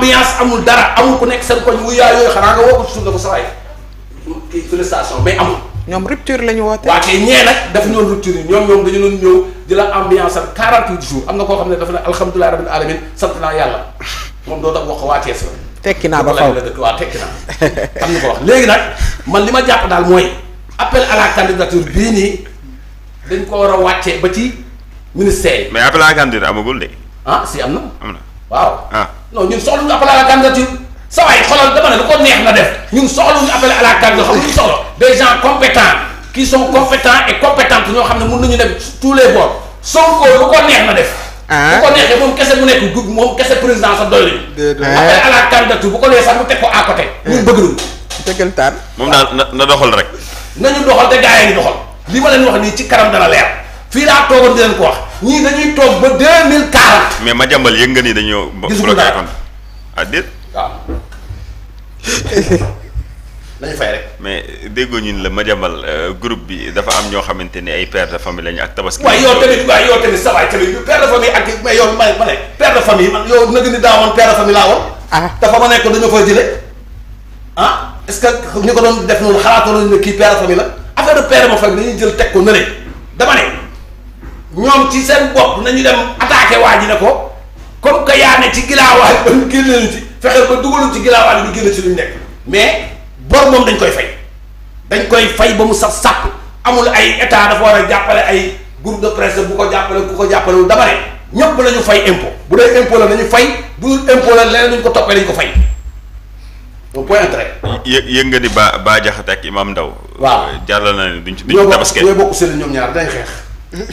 ambiance amul dara amul ku nekk seen koñ wu yaay yooyu xanaa nga woo ko ci suuf dafa sawaay kii félicitation amul. ñoom rupture la ñu woote. waa kay ñee nag daf ñoon rupture yi ñoom ñoom dañu doon ñëw di la ambiance am 48 jours am na ko xam ne dafa ne alhamdulilah rabbil alamin sant naa yàlla moom doo tax wax ko waa Thiès la. tekki naa ba xaw la dëkk waa tekki naa am na ko wax léegi nag man li ma jàpp daal mooy appel à la candidature bii nii dañ ko war a wàccee ba ci ministère yi. mais appel amagul de. ah si am na. am na non ñun soxla ñu appel à la candidature sa waay xoolal dama ne lu ko neex na def ñun soxla ñu appel à la candidature xam ñu soxla des gens compétents ñoo xam ne mën nañu dem tous les bords Sonko lu ko def. bu ah. ko neexee moom kese mu nekk gub moom kese président sa doy nañu. appel à la candidature bu ko nee sax mu teg ko à côté. Eh. bëgg nañu. dëggal taan moom daal na na doxal rek. nañu doxal te gars yi ñu doxal li ma leen wax nii ci kanam dana leer fii laa toogoon di leen ko wax. ñii dañuy toog ba deux mille quarante. mais ma jàmbal yëg nga ni dañoo. gisul dara bloqué ah déet. waaw. dañu fay mais déggoo ñun la ma jàmbal euh, groupe bi dafa am ñoo xamante ni ay père de famille lañu ak tabaski. waaye yow tamit waaye yow tamit sa waay tamit père de famille ak mais yow ma ma de famille man dafa ah. ma nekk dañoo fa jële ah est-ce que ñu ko doon def noonu xalaatoon nañu ne kii père de famille la affaire de père famille dañuy jël teg ko nële dama ne. ñoom ci seen bopp nañu dem attaqué waa ji ne ko comme que yaa ci gilaawaay ba ñu génne ci fexe ci gilaawaay bi ñu génne ci nekk mais bor moom dañ koy fay dañ koy fay ba mu saf sàpp amul ay état dafa war a jàppale ay groupe de presse bu ko jàppale ku ko jàppalewul dama ne ñëpp la ñu fay impôt bu dee impo la nañu fay bu dul impôt la leneen duñ ko toppee dañ ko fay au point très. yë yëg nga ni Ba Ba Jaxate ak Imam Ndaw waaw euh, jàll na seen ñoom ñaar dañ xeex.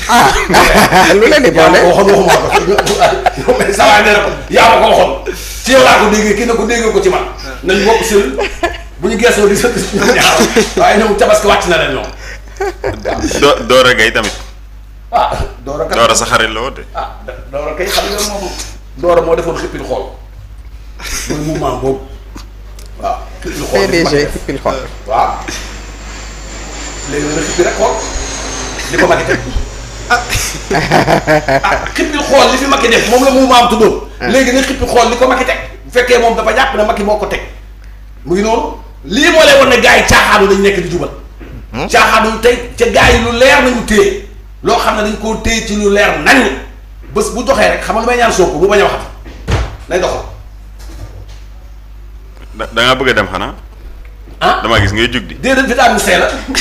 ah lu leen di boole waxoon waxuma ko saa ne ko yaa ma ko waxoon ci yow laa ko déggee kii na ko déggee ko ci man nañ bokk sël bu ñu geesoo di sëñ bi ñaaw waaye ñoom tabaski wàcc na leen ñoom. doo Doora Gueye tamit. ah Doora kat Doora sa xarit la wote. Ah, Doora kay xam nga moom Doora moo defoon xippil xool mooy mouvement boobu waaw. xippil xippi rek xool ah ah xippi xool li fi Macky def moom la mu maam tuddoon. Ah. léegi nga xippi xool li ko Macky teg bu fekkee moom dafa jàpp ne Macky moo ko teg mu ngi noonu lii moo lay wan ne gars yi caaxaanu dañ nekk di jubal. Hmm? caaxaanu tey ca gars yi lu leer nañu téye loo xam ne dañ koo téye ci lu leer nañu bés bu doxee rek xam nga lu may ñaan ko bu bañ a waxat lay doxal. da da ngaa bëgg a dem xanaa. ah gis ngay jug di. déedéet vitamine C la.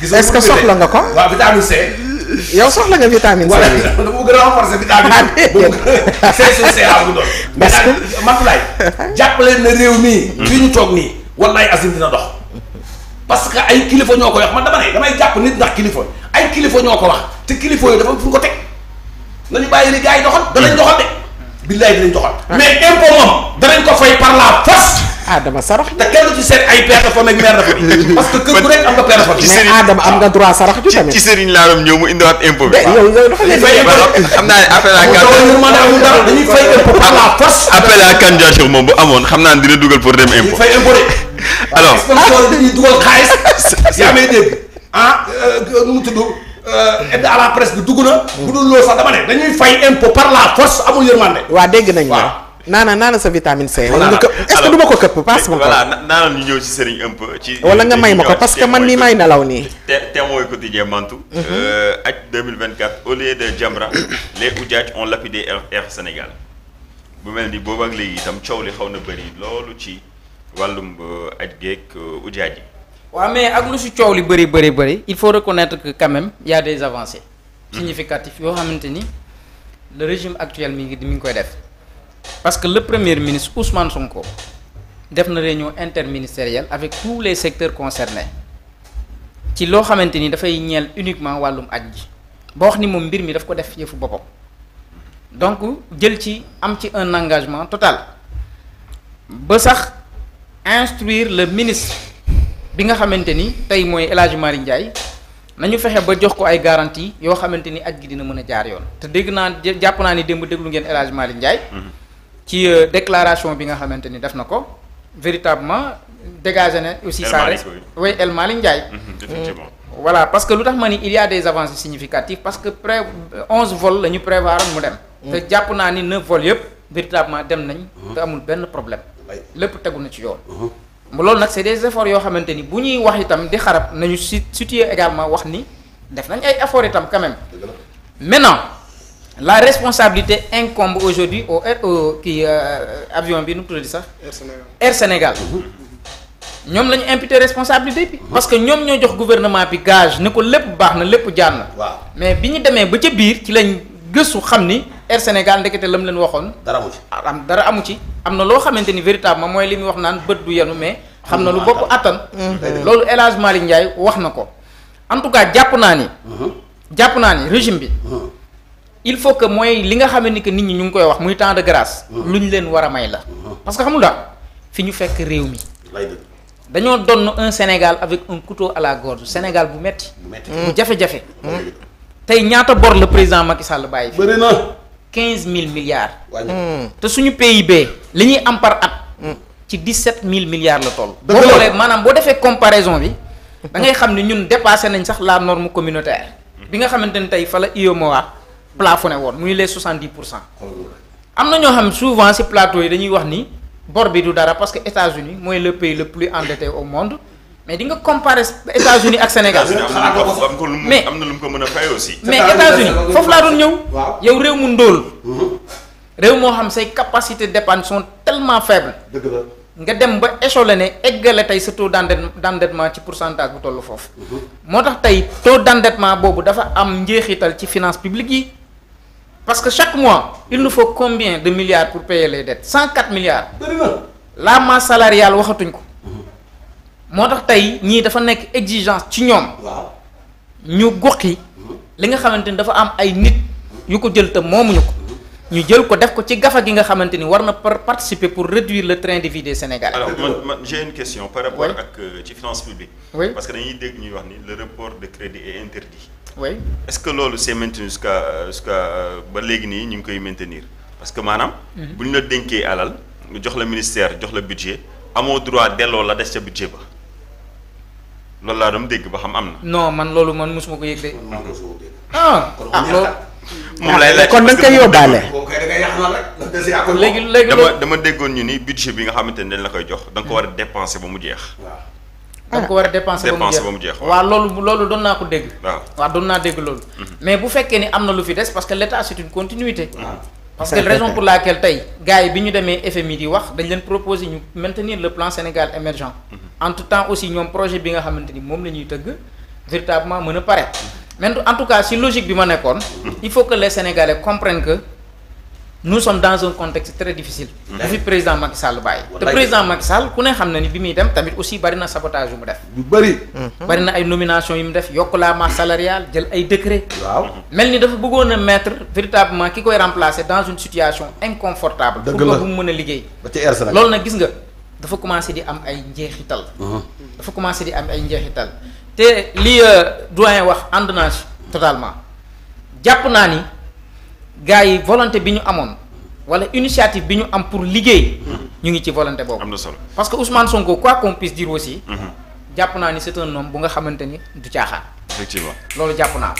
gis est soxla nga ko. waaw vitamine C. yow soxla nga vitamine C. voilà dama bëgg renforcer vitamine C. c'est ça bu doon. parce que Matulaay jàppaleen na réew mii. fii ñu toog nii wallaay asim dina dox. parce que ay kilifa ñoo ko wax man dama ne damay jàpp nit ndax kilifa ay kilifa ñoo ko wax te kilifa yooyu dafa fu ñu ko teg nañu bàyyi li gars yi doxal. danañ de. billaay dinañ doxal. Ah. mais impôt moom ko fay par la force. Adama sarax. te kenn ci seet ay père de famille ak mère de famille parce que kër gu nekk am nga père de famille. Adama am nga droit sarax ju tamit. mu indiwaat impôt bi. xam naa ne appel à par la force. Ah, appel à candidature bu amoon xam naa ne dina dugal pour dem impôt. fay impôt de. alors sponsor dañuy ah, euh, mu euh, dugg na. Hmm. bu dul loolu sax dama ne dañuy fay impôt par la force amul yërmande. waaw dégg nañ la naana naana sa vitamine C. wala nga est ce que ko këpp passe ma ko. voilà naana ñu ñëw ci sëriñ un peu. ci wala nga may ma ko parce que man mii may nelaw nii. te te mooy quotidien Mantu. ak 2024 au lieu de Jamra les Houdiates ont lapidé Air Sénégal bu mel ni boobu ak léegi itam coow li xaw na bëri loolu ci wàllum aj euh, geeg Houdiates euh, yi. waaw mais ak lu si coow li bëri bëri bëri il faut reconnaître que quand même y a des avancées. Mhm. significatives yoo xamante ni le régime actuel mi ngi mi ngi koy def. parce que le premier ministre Ousmane Sonko def na réunion interministérielle avec tous les secteurs concernés ci loo xamante ni dafay ñeel uniquement wàllum aj ji ba wax ni moom mbir mi daf ko def yëfu boppam donc jël ci am ci un engagement total ba sax instruire le ministre bi nga xamante ni tey mooy El Hadj Mari na ñu fexe ba jox ko ay garantie yoo xamante ni aj gi dina mën a jaar yoon te dégg naa jàpp naa ni démb déglu ngeen El Hadj Mari ci euh, déclaration bi nga xamante ni def na ko véritablement dégagé na aussi ça reste oui El Malick mhm, euh, voilà parce que lu tax ma ni il y des avancées significatives parce que près onze vols la ñu prévoir mu dem mm. te jàpp naa ni neuf vols yëpp véritablement dem nañ mm. te amul benn problème lépp tegu na ci yoon mm-hmm. loolu nag c'est des efforts yoo xamante ni bu ñuy wax itam di xarab nañu situer également wax ni def nañ ay efforts itam quand la responsabilité incombe aujourd'hui au air kii euh, avion bi nu mu tuddati sax. Air Sénégal Air Sénégal. ñoom la imputé responsabilité bi. parce que ñoom ñoo jox gouvernement bi gage ni ko lépp baax na lépp jaan na. waaw mais bi ñu demee ba ca biir ci lañ gëstu xam ni Air Sénégal ndekete la mu leen waxoon. dara amu ci am dara amu ci. am na loo xamante ni véritablement mooy li muy wax naan bët du yenu mais. xam na lu bopp attan. Mm-hmm. loolu élagement Hadj Malick Ndiaye wax na ko. en tout cas jàpp naa ni. Mm-hmm. jàpp naa ni régime bi. Mm-hmm. il faut que mooy li nga xam ni que nit ñi ñu ngi koy wax muy temps de grâce. lu ñu leen war a may la. parce que xamul da fi ñu fekk réew mi. dañoo donn un Sénégal avec un couteau à la gorge Sénégal bu metti bu mmh. jafe-jafe. Mmh. tey ñaata bor la président Macky Sall bàyyi. bëri na quinze mille milliards. Mmh. te suñu PIB li ñuy am par at. ci dix-sept mille milliards la toll. boo xoolee maanaam boo defee comparaison bi. da ngay xam ne ñun dépassé nañ sax la norme communautaire. bi nga xamante ne tey fa la plafonné woon muy les 70 pour cent. Oh, am na ñoo xam souvent si plateau yi dañuy wax ni bor du dara parce que États-Unis mooy le pays le plus endetté au monde mais di nga comparer États-Unis ak Sénégal. mais am na lu mu ko mën a fay aussi. mais États-Unis foofu laa doon ñëw. yow réew mu ndóol. Mhm. réew moo xam say capacité d'épargne sont tellement faibles. dëgg la nga dem ba échelonné eggale tey sa taux d'endettement ci pourcentage bu toll foofu. Mhm. moo tax tey taux d'endettement boobu dafa am njeexital ci finance publique parce que chaque mois il nous faut combien de milliards pour payer de dettes cent quatre milliards. la masse salariale waxatuñ ko. moo tax tey ñii dafa nekk exigence ci ñoom. ñu goxi li nga xamante ni dafa am ay nit yu ko jël te moomuñu ko. ñu jël ko def ko ci gafa gi nga xamante ni war na participer pour réduire le train de vie des Sénégalais. alors man man une question. par rapport ak euh, ci finance publique. oui parce que dañuy dégg ñuy wax ni le report de crédit est interdit. oui est-ce que loolu c'est maintenu jusqu'à jusqu'à euh, ba léegi nii ñu ngi koy maintenir parce que maanaam. Mhm. bu ñu la denkee alal nga jox la ministère jox la budget amoo droit delloo la des ca budget ba loolu laa doon dégg ba xam am na. non man loolu man mosuma ko yëg de. Ah, ah, moom lay laaj kon da nga koy yóbbaale. léegi léegi dama dama déggoon ñu ni budget bi nga xamante ne dañ la koy jox da ko hmm. war a dépenser ba mu jeex. da ko war a dépenser ba mu jeex waaw loolu loolu doon naa ko dégg waaw waaw doon naa dégg loolu mhm. mais bu fekkee ni am na lu fi des parce que l'État c'est une continuité parce que raison pour laquelle tey gars bi ñu demee FMI di wax dañ leen proposer ñu maintenir le plan Sénégal émergent mhm. entre temps aussi ñoom projet bi nga xamante ni moom la ñuy tëgg véritablement mën a pare mais en tout cas si logique bi ma nekkoon mhm. il faut que les Sénégalais comprennent nou sommes dans un contexte très difficile. bu mm-hmm. fi président Macky Sall bàyyi. te président Macky ku ne xam na ni bi muy dem tamit aussi barina na sabotage yu mu def. yu bari. Mm-hmm. bari na ay nomination yu mu def yokk la masse salariale jël ay décret waaw mm-hmm. mel ni dafa bëggoon a mettre véritablement ki koy remplacer dans une situation inconfortable pour que bu mu mën a liggéey. ba ci loolu nag gis nga dafa commencé di am ay njeexital. dafa commencé di am ay njeexital te li euh, doyen wax ànd naa jàpp naa ni. gars yi volonté bi ñu amoon wala initiative bi ñu am pour liggéey. Mhm. ñu ngi ci volonté boobu. am solo parce que Ousmane Sonko quoi qu'on puisse dire aussi. Mhm. jàpp naa ni c'est un homme bu nga xamante ni du caaxaan. effectivement loolu jàpp naa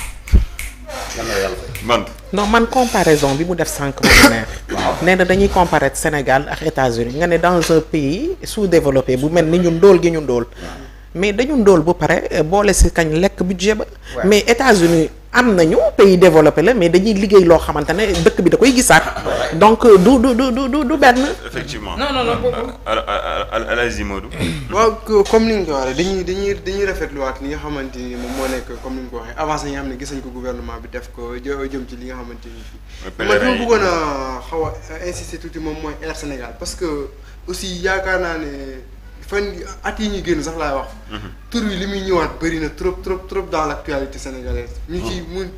man. non man comparaison bi mu def sànq mu neex. dañuy comparer Sénégal ak États-Unis nga ne dans un pays sous-développé bu mel ni ñu ndóol gi ñu ndóol. mais dañu ndóol bu pare euh, boole si kañ lekk budget ba. mais États-Unis am nañu pays développé la mais dañuy liggéey loo xamante ne dëkk bi da koy gisaat donc euh, du du du du du benn. effectivement non non non. Euh, euh, Alaaji Modou. waaw comme ni nga ko waxee dañuy dañuy dañuy rafetluwaat li nga xamante ni moom moo nekk comme ni nga ko waxee avancé yi nga xam ne gis nañ ko gouvernement bi def ko jëm ci li nga xamante ni. ma dama bëggoon a xaw a insister tuuti moom mooy Air Sénégal parce que aussi yaakaar naa ne. fan at yi ñu génn sax laay wax. tur yi li muy ñëwaat bëri na trop trop trop dans l' actualité sénégalaise. ñu ci hmm. mu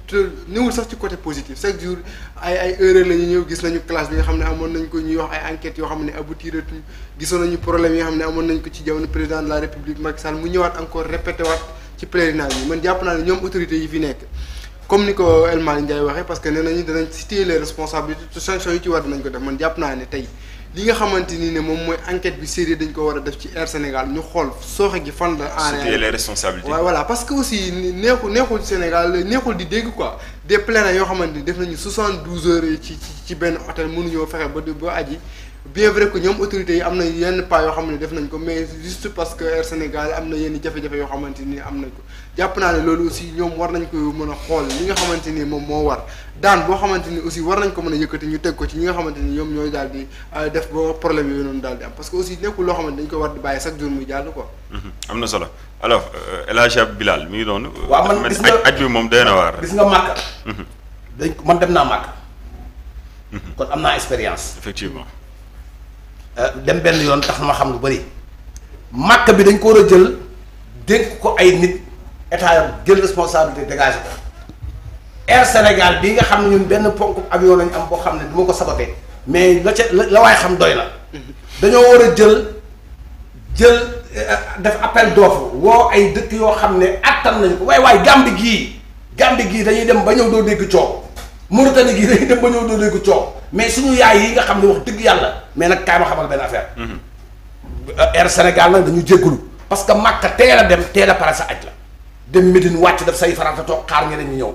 néewul sax ci côté positif chaque jour ay ay erreur la ñu ñëw gis nañu classe bi nga xam ne amoon nañ ko ñuy wax ay enquêtes yoo xam ne aboutiratuñ gisoon nañu problème yi nga xam ne amoon nañ ko ci jamono président de la république Macky Sall mu ñëwaat encore répété waat ci pèlerinage yi man jàpp naa ne ñoom autorités yi fi nekk. comme ni ko El Malick Ndiaye que nee nañu danañ cité les responsabilités te sanctions yi ci nañ ko def jàpp naa ne li nga xamante ni ne moom mooy enquête bi sérieux dañ ko war a def ci Air Sénégal ñu xool sooxe gi fan la. en réalité les responsabilités. waaw parce que aussi neexul neexul Sénégal neexul di dégg quoi des plaintes yoo xamante ni def nañu soixante douze heures ci ci ci benn hôtel mënuñoo fexe ba ba aji. bien vrai que ñoom autorités yi am na yenn pas yoo xam ne def nañ ko mais juste parce que Air Sénégal am na yenn jafe-jafe yoo xamante ni am na ko jàpp naa ne loolu aussi ñoom war nañ ko mën a xool li nga xamante ni moom moo war daan boo xamante ni aussi war nañ ko mën a yëkkati ñu teg ko ci ñi nga xamante ni ñoom ñooy daal di euh, def ba problème yooyu que aussi nekkul loo xamante dañ ko war di muy mm-hmm. na solo alors euh, El Hadj Bilal mi ngi doon. waaw man gis nga aj bi moom day na waar. gis nga Màkka. Mm-hmm. dañ ko man dem naa Màkka. Mm-hmm. kon am naa expérience. effectivement. Euh, dem benn yoon tax ma xam lu bari màkk bi dañ ko war a jël dénk ko ay nit état jël responsabilité dégagé ko air Sénégal bii nga xam ne ñun benn ponk avion lañu am boo xam ne du ko sababee mais la ca la waaye xam doy na dañoo war a jël jël euh, def appel d'offre woo ay dëkk yoo xam ne àttan nañ ko waaye waaye Gambie gii Gambie gii dañuy dem ba ñëw doo dégg coow Mauritanie gii dañuy dem ba ñëw doo dégg coow mais suñu yaay yi nga xam ne wax dëgg yàlla mais nag kaay xamal benn affaire. Mm-hmm. air Sénégal nag dañu jéggulu parce que Makka teel a dem teel a pare sa aj la dem Médine wàcc def say farata toog xaar ñeneen ñu ñëw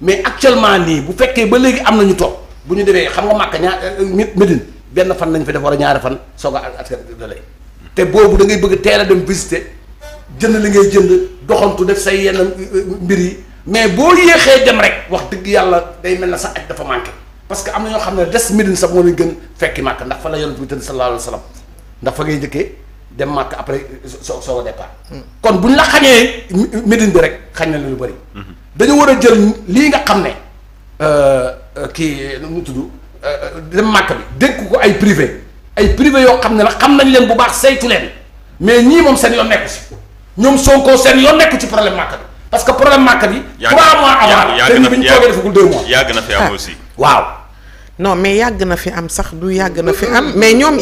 mais actuellement nii bu fekkee ba léegi am na toog bu ñu demee xam nga Makka ñaar euh, euh, Médine benn fan lañ fi def war a ñaari fan soog a ak lay te boobu da ngay bëgg teel a dem visiter jënd li ngay jënd doxantu def say yenn euh, mbir yi mais boo yéexee dem rek wax dëgg yàlla day mel na sa aj dafa parce que am na ñoo xam ne des Médine sax moo leen gën fekki Màkka ndax fa la yonent bi tëdd sallallahu alayhi wa ndax fa ngay njëkkee dem Màkka après soo soo départ hmm. kon bu ñu la xañee Médine bi rek xañ na lu bëri hmm. dañu war a jël lii nga xam ne euh, euh, kii mu tudd euh, dem Màkka bi dénk ko ay privé ay privé yoo xam ne la xam nañ leen bu baax saytu leen ñii moom seen yoon nekku ci ñoom Sonko seen ci problème Màkka bi parce que problème Màkka bi trois mois avant te ñu bi ñu toogee na fi am waaw non mais yàgg na fi am sax du yàgg na fi am mais ñoom